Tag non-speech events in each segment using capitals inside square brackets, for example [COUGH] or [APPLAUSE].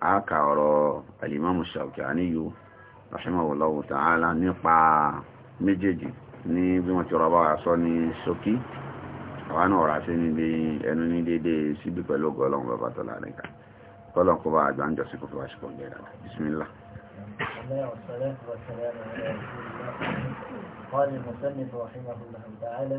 àkà ọ̀rọ̀ alimamu Shawkani rahimahullahu ta'ala nípa méjèèjì ní bí wọ́n ti rọ́bá wa sọ ní ṣókí àwọn náà rà sí níbi ẹnu ní dédé síbí pẹ̀lú ọgọ́lọ́run bàbá tọ́lá nìka kọ́lọ̀n kó bá àgbà ń قال المصنف رحمه الله تعالى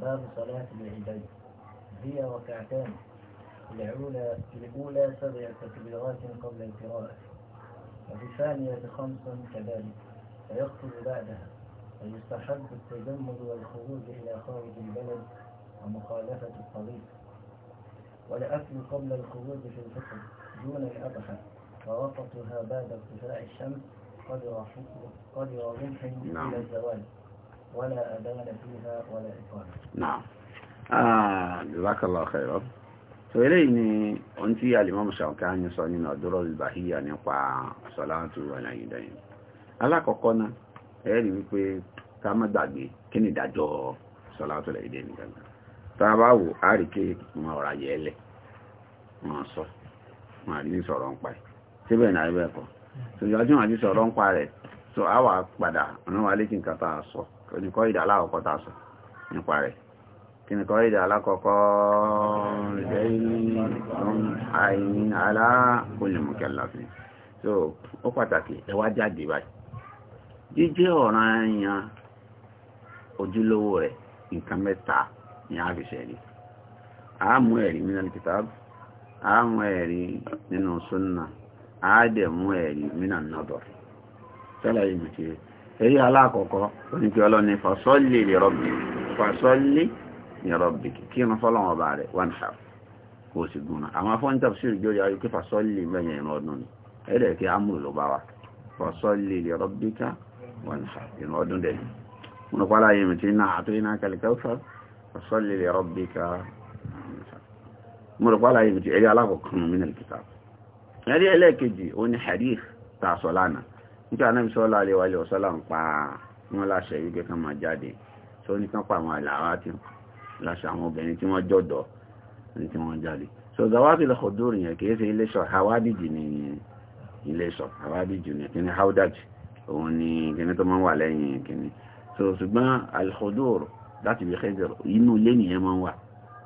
باب صلاة العيدين هي ركعتان الأولى في الأولى سبع تكبيرات قبل القراءة وفي الثانية خمس كذلك ويخطب بعدها ويستحب التجمد والخروج إلى خارج البلد ومخالفة الطريق والأكل قبل الخروج في الفطر دون الأضحى ووسطها بعد ارتفاع الشمس قدر قدر رمح إلى نعم. الزوال ولا أذان فيها ولا إقامة نعم آه جزاك الله خيرا so eléyìí ni ohun tí alimọ́mù sọ nínú ọ̀dọ́rọ̀ ìbáhíyà nípa anyị aláìdáyìn alákọ̀ọ́kọ́ náà ẹ̀rí wípé ká má gbàgbé kí ni ìdájọ́ tá a bá wò á rí pé wọn ọ̀rọ̀ ayé ẹlẹ̀ wọn sọ wọn àrí ní sọ̀rọ̀ ń pa ẹ̀ síbẹ̀ náà ẹ bẹ́ẹ̀ kọ́ àti sọ̀rọ̀ wà padà ọ̀nà wa kíni kọ́ ìdà alákọ̀ọ́kọ́ rẹ̀ àìní alá olùmọ̀kẹ́láfin so ó pàtàkì ẹ wá jáde báyìí jíjẹ́ ọ̀ràn èèyàn ojúlówó rẹ̀ nǹkan mẹ́ta ni a fi ṣẹ̀rí àámú ẹ̀rí nínú alkitab àámú ẹ̀rí nínú súnà àádẹ̀mú ẹ̀rí nínú nọ́dọ̀ tẹ́lẹ̀ yìí mi ti rí alákọ̀ọ́kọ́ min rabbiki kí ní fọ́lọ́wọ́ bá rẹ̀ one half kò sì gúnà àwọn afọ́n tafsir jórí ayé kí fasọ́lì mẹ́yìn ìrìn ọdún ni ẹ̀rẹ̀ kí amúrù ló bá wa fasọ́lì li rabbika one half ìrìn ọdún dẹ̀ wọn kọ́ láyé mi ti ní àtúrí náà kàlẹ̀ kẹfà fasọ́lì li rabbika mọ̀rọ̀ pàlá yìí ti ẹ̀rí alákọ̀ọ́kùnrin min al-kitab ẹ̀rí ẹlẹ́ẹ̀kejì ó ní hadith tààsọ lánàá nítorí láṣọ àwọn obìnrin tí wọ́n jọ̀dọ̀ ní tí wọ́n jáde so zawadi lọ kọ̀dọ̀ yẹn kìí ṣe iléṣọ̀ hawadiji ni iléṣọ̀ hawadiji ni kíni haudaji òun ni kíni tó máa wà lẹ́yìn kíni so ṣùgbọ́n alkọ̀dọ̀ láti bí kẹ́jọ̀rọ̀ inú ilé nìyẹn máa ń wà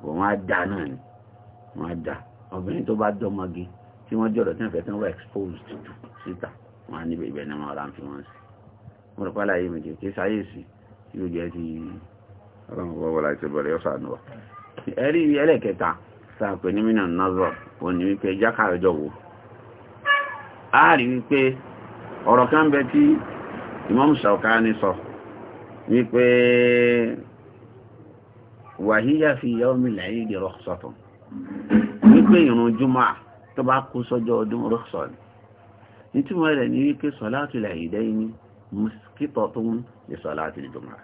wọ́n á dá náà ni wọ́n á dá obìnrin tó bá dọ́mọge tí wọ́n jọ̀dọ̀ tí wọ́n fẹ́ tí wọ́n wà exposed síta wọ́n á níbẹ̀ ibẹ̀ náà máa ra fi wọ́n sí mo rò pálá yìí mi kì í sáyé sí tí jẹ́ ti ọlọ́run bọ́ wọlá ti bọ̀rẹ̀ ọ̀sán àdúrà ẹ̀rí ẹlẹ́kẹta sáàpẹ̀ ní mínà nazar ò ní wípé jákàrẹ́jọ wo a rí wípé ọ̀rọ̀ kan bẹ tí Imam Shawkani sọ wípé wàhíyà fi yawmil eid rukhsatun wípé ìrun jùmọ̀ tó bá kú sọ́jọ́ ọdún rọ́sọ̀ ni nítumọ̀ rẹ̀ ní wípé salatul eidaini muskitotun li salatul jumu'ah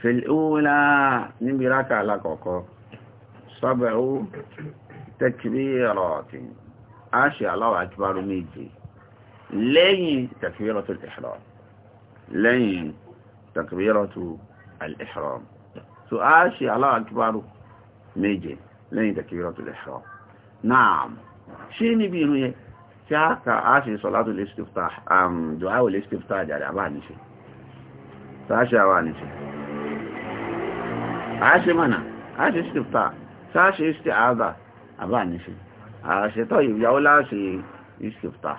fìlúúlá níbi rákà alákọ̀ọ́kọ́ sọ́bẹ̀ú tẹ́kìrìrọ̀tì a ṣe Allahu Akbar méje lẹ́yìn tẹ́kìrìrọ̀tù al-ihram lẹ́yìn tẹ́kìrìrọ̀tù al-ihram so a ṣe Allahu Akbar méje lẹ́yìn tẹ́kìrìrọ̀tù al-ihram naam ṣe níbi inú yẹ tí a ka a ṣe sọ́látù um, lè ṣe dùáwò lè ṣe jàrí àbáníṣe a ṣe mọ̀nà a ṣe ṣìftà ṣáṣe ṣe àádà àbá níṣe àṣetọ́ ìyàwó láṣe ṣìftà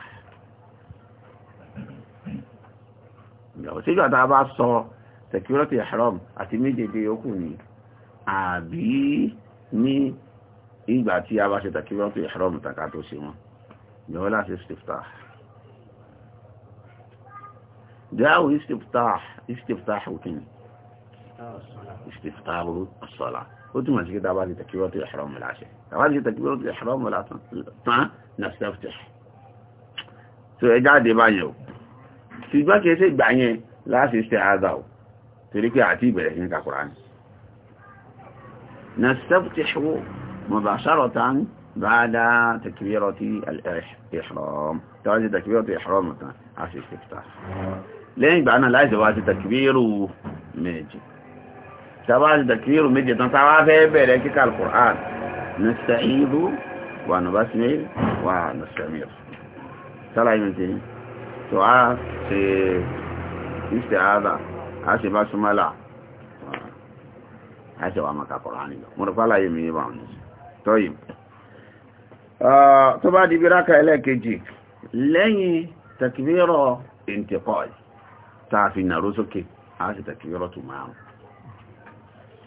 ìyàwó tíjọ́ àtà bá sọ security ihram àti méjèèjì yókù ni àbí ní ìgbà tí a bá ṣe security ihram tàkà tó ṣe wọn ìyàwó láṣe ṣìftà dáwò istiftah istiftah òkìní استفتار الصلاة وتما سكت بعد تكبيرة الإحرام والعشاء بعد تكبيرة الإحرام والعشاء نستفتح سيجعد بانيو سيجبك يسيج بانيه لا سيستعاذه تريكي عتيب لحينك القرآن نستفتح مباشرة بعد تكبيرة الإحرام تعالى تكبيرة الإحرام مثلا عشي استفتاح لين بعنا لا يزواج تكبيره ميجي sábàájú dàkírù méje tán sáwá fẹ́ bẹ̀rẹ̀ kíkà alukur'an nasta'idu wà nùbásímẹ́ wà nùsàmìr sálàyé mi ti tó a ṣe isti'adha a ṣe bá súnmọ́lá a ṣe wà maka kur'an lọ mo rúfà láyé mi bá wọn tọ́yì tó bá di bíraka ẹlẹ́ẹ̀kejì lẹ́yìn takbírọ̀ intiqal tá fi nàró a ṣe takbírọ̀ tó márùn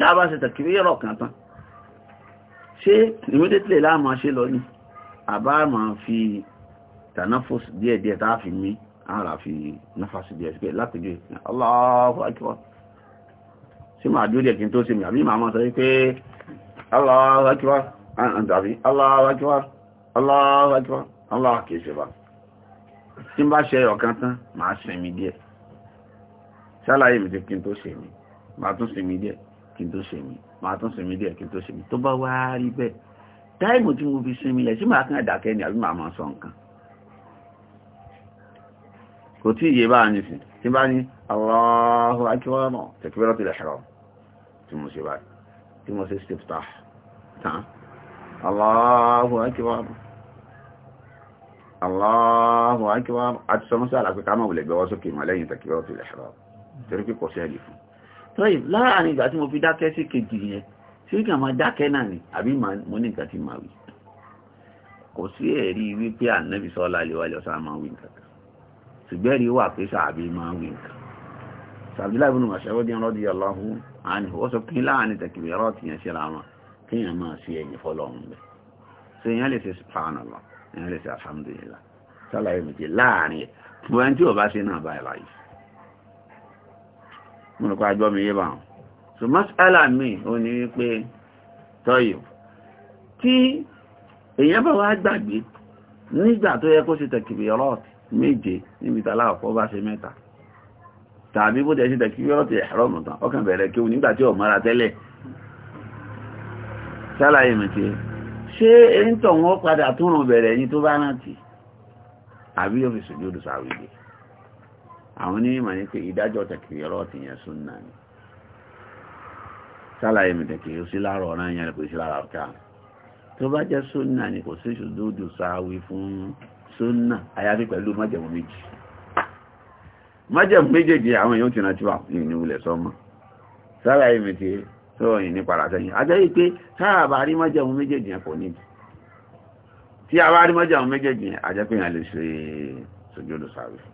tábà ṣe tẹ̀kìrí ọ̀rọ̀ kan tán ṣé immediately láàmà ṣe lọ ní àbá máa fi tànáfòsì díẹ̀díẹ̀ tá a fi mí ara fi náfàsì díẹ̀ sípẹ̀ látìjú Allahu akbar sí máa dúró díẹ̀ kí n tó sí mi àbí màá máa sọ wípé Allahu akbar àǹtàbí Allahu akbar Allahu akbar Allahu kìí ṣe bá tí n bá ṣe ọ̀kan tán ti kí n tó ṣe mi tún sinmi díẹ̀ kí n tó sinmi máa tún sinmi díẹ̀ kí n tó sinmi tó bá wá rí bẹ́ẹ̀ táìmù tí mo fi sinmi lẹ̀ sí màá kàn dákẹ́ ni àbí màá máa sọ nǹkan kò tí ìyè bá ní sí tí bá ní Allahu akbar takbiratul ihram tí mo ṣe báyìí tí mo ṣe istiftah tán Allahu akbar Allahu akbar àti sọmọ́sá àlàpẹ́ ká mọ̀ wùlẹ̀ gbẹ́wọ́ sókè mọ̀ lẹ́yìn takbiratul ihram torí pé kò sí ẹ̀lì fún tọ́yì láàrin ìgbà tí mo fi dákẹ́ sí kejì yẹn tí kàn máa dákẹ́ náà ni àbí mo ní nǹkan tí máa wí kò sí ẹ̀rí wípé ànábì sọ́lá àlewálẹ̀ ọ̀sán máa wí nǹkan ṣùgbẹ́ rí wà pé sàbí máa wí nǹkan sàbí láì bínú màṣẹ́ wọ́n dín rọ́dí ọlọ́hu àní ó sọ pé láàrin tẹ̀kìrì ọ̀rọ̀ ti yẹn síra wọn kéèyàn máa ṣe mo rò pé agbọ́mi yé bá wọn so masala mi ò ní wípé tọ́yọ̀ tí èèyàn bá wá gbàgbé nígbà tó yẹ kó ọlọ́ọ̀tì méje níbi tàlá ọ̀pọ̀ bá ṣe mẹ́ta tàbí bó sí ọlọ́ọ̀tì ọkàn bẹ̀rẹ̀ kí o nígbà tí tẹ́lẹ̀ sálàyé mi ti ṣé tọ̀ wọ́n padà bẹ̀rẹ̀ ẹni tó bá rántí àbí yóò àwọn onímọ̀ ní pé ìdájọ́ tẹ̀kìrọ̀ ti yẹn súnnà ni sálàyé mi tẹ̀kìrọ̀ sí láàrọ̀ ọ̀nà yẹn kò sí lára ọ̀ká tó bá jẹ́ súnnà ni kò sí ṣùdúdù sáwí fún súnnà àyàfi pẹ̀lú májẹ̀mú méjì májẹ̀mú méjèèjì àwọn èèyàn ti na tí wà ní ilẹ̀ sọ́mọ́ sálàyé mi ti tó yìn ní padà sẹ́yìn ajẹ́ yìí pé sáà bá rí májẹ̀mú méjèèjì yẹn kò ní tí a bá rí májẹ̀mú méjèèjì yẹn ajẹ́ pé yẹn lè ṣe ṣòjúdù sáwí fún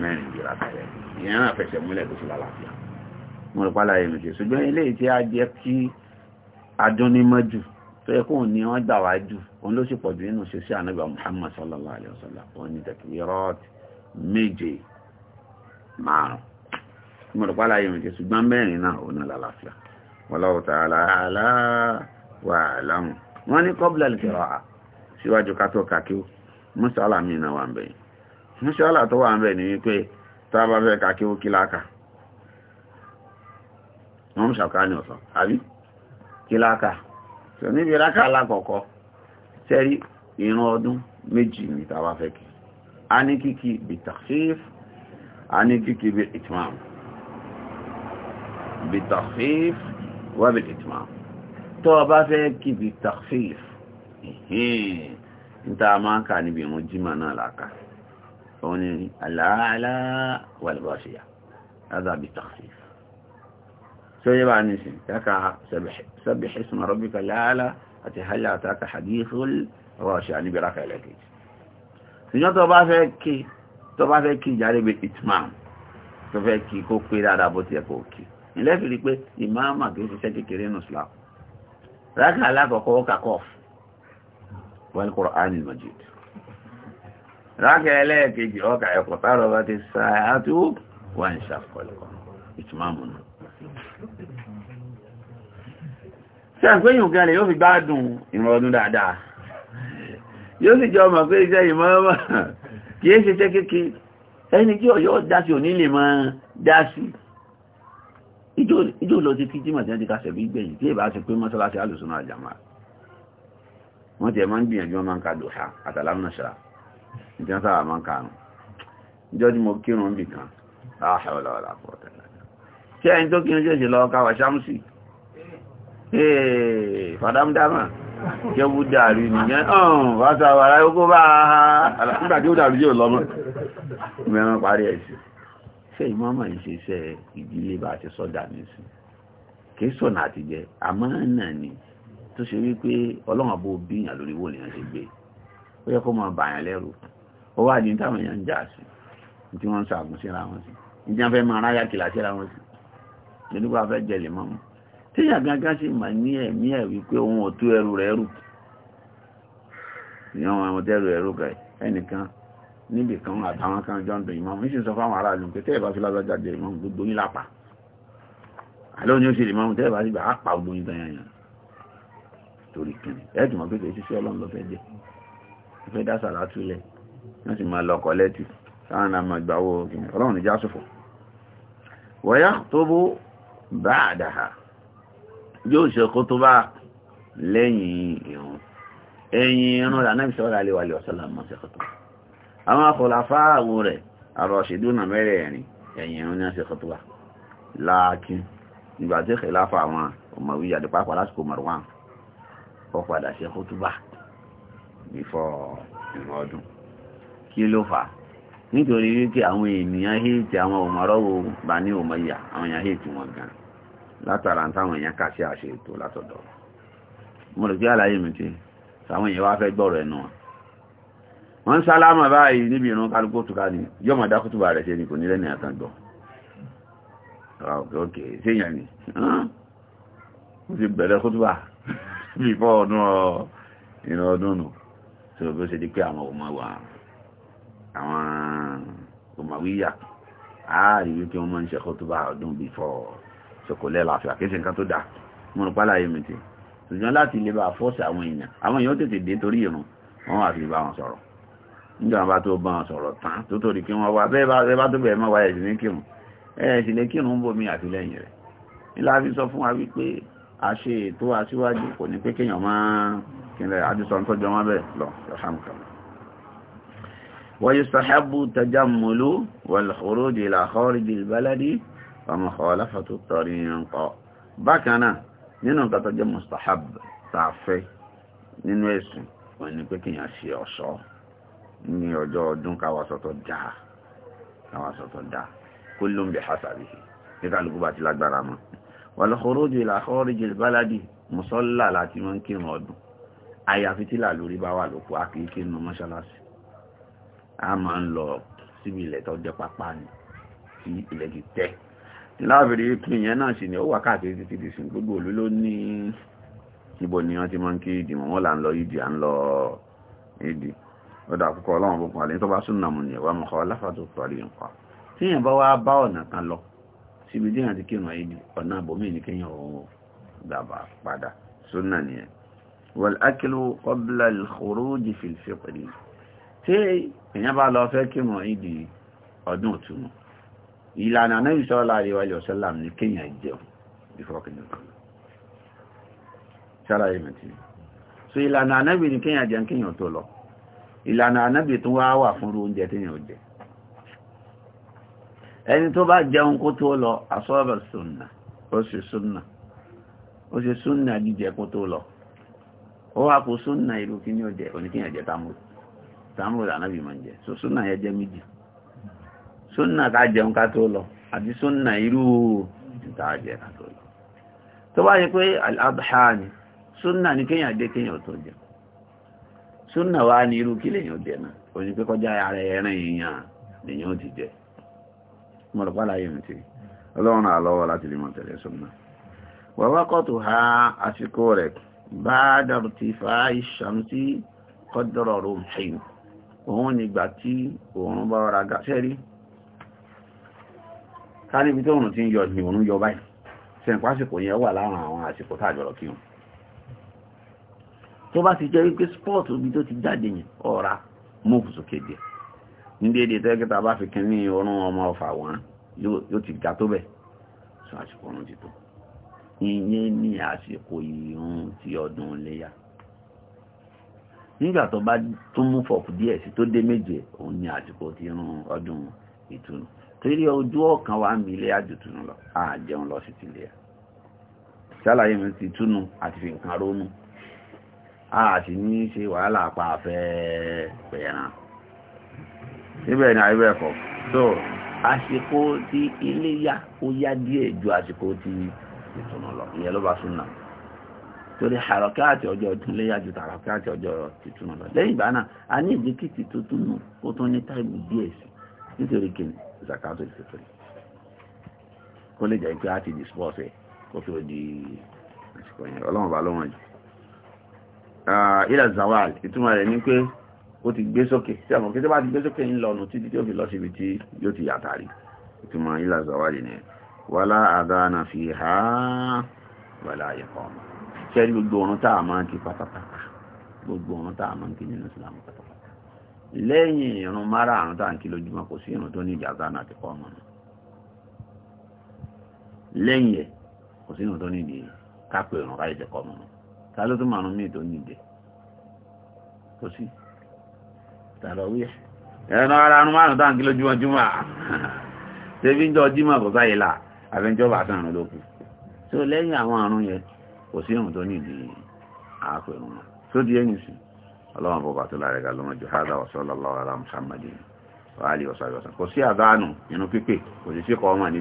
mẹ́rin ìjìrà kalẹ̀ ìyẹn náà fẹsẹ̀ múlẹ̀ tó fi lálàáfíà mo rò pálá ẹnu ṣe ṣùgbọ́n ilé tí a jẹ́ kí adúnímọ́jù tó yẹ kóun ní wọ́n gbà wá jù òun ló sì pọ̀ jù nínú ṣe sí ànábì Muhammad sallallahu alayhi wa sallam òun ní takbirat méje márùn mo rò pálá ẹnu ṣe ṣùgbọ́n mẹ́rin náà òun náà lálàáfíà wọ́n ní qabla al wà ń bẹ̀yìn mùsàlá tó wà ń bẹ̀ ní wípé tá a bá fẹ́ ka kí ó kíláàkà wọ́n mú ṣàkà ní ọ̀sán àbí kíláàkà tó níbi rákà alákọ̀ọ́kọ́ sẹ́rí ìran ọdún méjì ní tá a bá fẹ́ kí a ní kíkí bí takhfif a ní kíkí bí itmam bí takhfif wà bí itmam tó a fẹ́ kí bí takhfif ìhìn ní tá máa ń kà níbi ìrun jímà náà làkàá òun ni àlàálá wàlúbọ̀ṣìyà lábàbí tàkì tí ó yẹ bá ní sin káka sẹ́bìṣì sùnmọ̀ rọ́bíkà láàlá àti hálà àtàkà hadithul rọ́ṣìyà níbi rákà ẹlẹ́kẹ̀ẹ́jì ṣùgbọ́n tó bá fẹ́ kí tó bá fẹ́ kí ìjáde bí itman tó fẹ́ kí kó pé dáadáa bó ti ẹ̀kọ́ kí ilé fi rí pé ìmáàmà kì í ṣiṣẹ́ kékeré nù sílá rákà alákọ̀ọ́kọ́ kàkọ́f wal Qur'anil Majid rákẹ́ ẹlẹ́ẹ̀kejì ọkà ẹ̀kọ̀ tààrọ bá ti sáà tí ó wà ń ṣàkọlẹ̀kọ̀ ìtìmáàmù náà tí a ń pẹ́yìn òkè alẹ́ yóò fi gbádùn ìrìn ọdún dáadáa yóò sì jọ ọmọ pé iṣẹ́ ìmọ́ọ́mọ́ kì í ṣe kéèké ẹni tí ọ̀yọ́ dásí òní lè máa dásí ìjọ lọ ti kí jímọ̀ tí ìjọ sára máa ń kàánù ìjọ tí mo kírun bì kan láàṣàwọ̀láwọ̀lá pọ̀ tẹ́lẹ̀ tí ẹni tó kírun jẹ́ ìṣẹ̀lọ ọkà wà ṣámsì ee fàdámdámà jẹ́wú dàrí nìyẹn ọ̀n fásitì àwàrá ogó bá nígbà tí ó dàrí yóò lọ́mọ mẹ́rin parí ẹ̀sìn ṣé ìmọ̀ọ́mọ̀ yìí ṣe iṣẹ́ ìdílé bá ti sọ́dà nísìn kì í sọ̀nà àtijẹ́ àmọ́ náà ni tó ṣe wípé ọlọ́run àbó bíyàn lórí wò nìyàn ṣe gbé ó yẹ kó mọ̀ bàyàn lẹ́rù ó wà ní táwọn èèyàn ń jà sí tí wọ́n ń sàgùn síra wọn sí ìjọ fẹ́ máa ráyà kìlà síra wọn sí nígbà fẹ́ jẹlẹ̀ mọ́ mu tíyà gángan sì mà ní ẹ̀mí ẹ̀ wípé òun ò tú ẹrù rẹ̀ rù ìyàn àwọn ọmọdẹ́rù ẹ̀rù rẹ̀ ẹnìkan níbì kan àtàwọn kan jọ ń dùn ìmọ̀ mi sì sọ fáwọn aráàlú pé tẹ́ẹ̀ bá fi lágbájá jẹ ìmọ̀ gbogbo yín lápá àlọ́ ni ó sì lè mọ́ tẹ́ẹ̀ bá sì gbà á pa gbogbo yín tanyanya torí kìnnì ẹ̀ẹ́dùn mọ́ pé kò sí sí ọlọ́run lọ́fẹ́ jẹ́ fẹ́ dá sàlátù lẹ̀ wọ́n sì máa lọ́kọ̀ lẹ́tù sáàrùn àmà ìgbàwó òkìní ọlọ́run ìjá sòfò wọ́yá tó bó bá àdáhà yóò ṣe kó tó bá lẹ́yìn ìrun ẹ̀yìn ìrun lànàbì sọ́rọ̀ aléwàlẹ̀ ọ̀sọ́là mọ́ ṣe kọ́tọ́ àwọn akọ̀láfà àwọ̀ rẹ̀ àrọ̀ ṣèdúnà mẹ́rẹ̀ẹ̀rin ẹ̀yìn ìrun ní ṣe kọ́tọ́ láàkín ìgbà tí kìláfà àwọn ọmọ wíyàdé pàápàá lásìkò Marwan ó padà ṣe before ìrìn ọdún kí ló fà á nítorí wípé àwọn ènìyàn héètì àwọn òmọ̀rọ́wò bá ní òmọ̀yà àwọn èèyàn héètì wọn gan látara táwọn èèyàn kà sí àṣẹ ètò látọ̀dọ̀ mo rò pé àlàyé mi ti sàwọn èèyàn wá fẹ́ gbọ́rọ̀ ẹnu wọn wọ́n sálámà báyìí níbi ìrún kálukú òtùká ni yọ́ mọ̀ dákútùbà rẹ̀ ṣe ni kò nílẹ̀ ní àtàgbọ̀ ọ̀kẹ́ ah, ṣéyàn ni [LAUGHS] ìrìn ọdún nù tó bó ṣe di pé àwọn ọmọ wa àwọn ọmọwíyà ààrí wípé wọ́n máa ń ṣe kótóbà ọdún bí fọ́ ṣokòlẹ́ láfíà kí ṣe nǹkan tó dà mo rò pálá yẹmi ti ṣùgbọ́n láti lè bá fọ́ọ̀sì àwọn èèyàn àwọn èèyàn tètè dé torí ìrùn wọ́n wà fi bá wọn sọ̀rọ̀ nígbà bá tó bá wọn sọ̀rọ̀ tán tó torí kí wọ́n wá bẹ́ẹ̀ bá tó bẹ̀rẹ̀ mọ́ wáyé ìsìnlẹ̀ kírun ẹ̀ẹ́sìnlẹ̀ kírun ń bomi àtìlẹ́yìn rẹ̀ nílá fi sọ fún wa wípé àṣe ètò aṣíwájú kò ní pé kéèyàn máa kílẹ̀ àdìsọ ń tọ́jọ wọn bẹ́ẹ̀ lọ ṣàkàmù ويستحب التجمل والخروج إلى خارج البلد ومخالفة الطريق bákan náà nínú nǹkan tó jẹ́ mustahab tààfẹ́ nínú ẹ̀sìn wọn ni pé kíyàn ṣe ọ̀ṣọ́ ní ọjọ́ ọdún káwàsọ̀tọ̀ dáa káwàsọ̀tọ̀ dáa kullun bihasabihi kíkàlùkù bá ti lágbára àyàfi tí làlórí bá wà lóko a kìí kínú mọ́ṣáláṣí a máa ń lọ síbi ilẹ̀ tó pápá ni tí ilẹ̀ ti tẹ́ láàbìrí kí ìyẹn náà sì ni ó wà káàkiri títí di sí gbogbo òlú ló ní ibo ni wọ́n ti máa ń kí ìdì mọ́ wọn là ń lọ ìdì à ń lọ ìdì ọ̀dà àkọ́kọ́ ọlọ́run bó pàdé tó bá súnà mù ní ẹ̀wà mọ̀kọ́ aláfàtò pàdé nǹkan tí èèyàn bá wá bá ọ̀nà kan lọ síbi díẹ̀ àti kírun ìdì ọ̀nà àbòmí ní kéèyàn òun gbàbà padà súnà nìyẹn wàlákìlú kọ́bílà ìkòrójì fìlfìpìlì tí èyàn bá lọ fẹ́ kírun ìdí ọdún ìtùnú ìlànà náà ìṣọ́lá àríwáyọ̀ sẹ́làm ní kíyàn jẹun ìfọ́kìnà sára ìmẹ̀tì so ìlànà anábì ní kíyàn jẹun kíyàn tó lọ ìlànà anábì tó wá wà fún oúnjẹ tí yàn jẹ ẹni tó bá jẹun kó tó lọ asọ́bẹ̀ sunna ó ṣe sunna ó ṣe sunna jíjẹ kó tó lọ ó wá kó súnà kí ní ọjẹ́ ń jẹ so súnà méjì súnà ká jẹun ká tó lọ àti súnà ìta jẹ ká tó lọ tó bá yẹ pé ni súnà ní dé tó jẹ súnà wá ní irú kí lèyàn jẹ náà òní pé kọjá ara ẹran èèyàn lèyàn ti jẹ mo rò mi ti ọlọ́run àlọ́wọ́ láti lè mọ̀ tẹ̀lé súnà wàwákọ̀ tó ha àsìkò rẹ̀ ba'da irtifa'i shamsi qadra rumhin òun nígbà tí òun bá rọra gàṣẹ́rí ká níbi tí òun ti ń yọ ní òun yọ báyìí sẹ́ǹkọ́ àsìkò yẹn wà láwọn àwọn àsìkò tààjọ̀rọ̀ kí wọn tó bá ti jẹ́ wípé sport obi tó ti jáde yẹn ọ̀ra move sókè díẹ̀ ní tẹ́gẹ́ta bá fi kí ní ọrún ọmọ ọfà wọn yóò ti ga tó bẹ̀ sọ àsìkò ọrún ti tó ìyẹn ní àsìkò ìrun ti ọdún iléyà nígbà tó bá tún mú fọ̀kù díẹ̀ sí tó dé méje òun ní àsìkò ti rún ọdún ìtùnú torí ojú ọ̀kan wa mi ilé àjòtúnú lọ àjẹun lọ sí tilẹ̀ ṣàlàyé mi ti túnú àti fi nǹkan rónú a sì ní ṣe wàhálà pa àfẹ́ pẹ̀ràn síbẹ̀ ni àìbẹ̀ kọ̀ so àsìkò ti iléyà ó yá díẹ̀ ju àsìkò ti ìtùnú lọ ìyẹn ló bá súnà torí àròkẹ́ àti ọjọ́ ọdún léyà ju àròkẹ́ àti ọjọ́ ìtùnú lọ lẹ́yìn ìgbà náà a ní ìdíkìtì tó tún nù ó tún ní táìmù díẹ̀ sí nítorí kìnnì zakato ìfẹ́fẹ́ kó lè jẹ́ pé a ti dispose ẹ̀ kó fi di àsìkò yẹn ọlọ́run bá lọ́wọ́n jù ilẹ̀ zawal ìtumọ̀ rẹ̀ ní pé ó ti gbé sókè tí àwọn kí tó bá ti gbé sókè ń lọ ọ̀nà títí tí ó fi lọ wàlá àdánà fi ha wàlá ìkọ̀ọ̀mà ṣẹ́rí gbogbo ọ̀run tá a máa ń kí pátápátá gbogbo ọ̀run tá a máa ń kí nínú Islam pátápátá lẹ́yìn ìrun mara àrùn tá à ń kí lójúmọ́ kò sí ìrun tó ní ìjà àdánà àti kọ́ọ̀mà náà lẹ́yìn ẹ̀ kò sí ìrun tó ní ìdí kápẹ̀ ìrun káyé tẹ̀ kọ́ọ̀mà náà ta ló tún máa rún míì tó ní ìdí kò sí tàlọ́wí ẹ̀rọ ara àrùn márùn-ún ń kí lójúmọ́ jùmọ̀ [LAUGHS] ṣe fi ń jọ jímọ̀ kò sáyé láà àfẹnjọba àtàrùn ló kù tí ó lẹ́yìn àwọn àrùn yẹn kò sí ìrùn tó nìdí àápẹ̀rùn wọn tó di ẹ̀yìn sí ọlọ́wọ́n bọ̀bà tó lára ẹ̀gà lọ́mọ jù hádà sallallahu ala Muhammadin wa alihi wa sahbihi kò sí àdánù inú pípé kò sí síkọ̀ ọmọ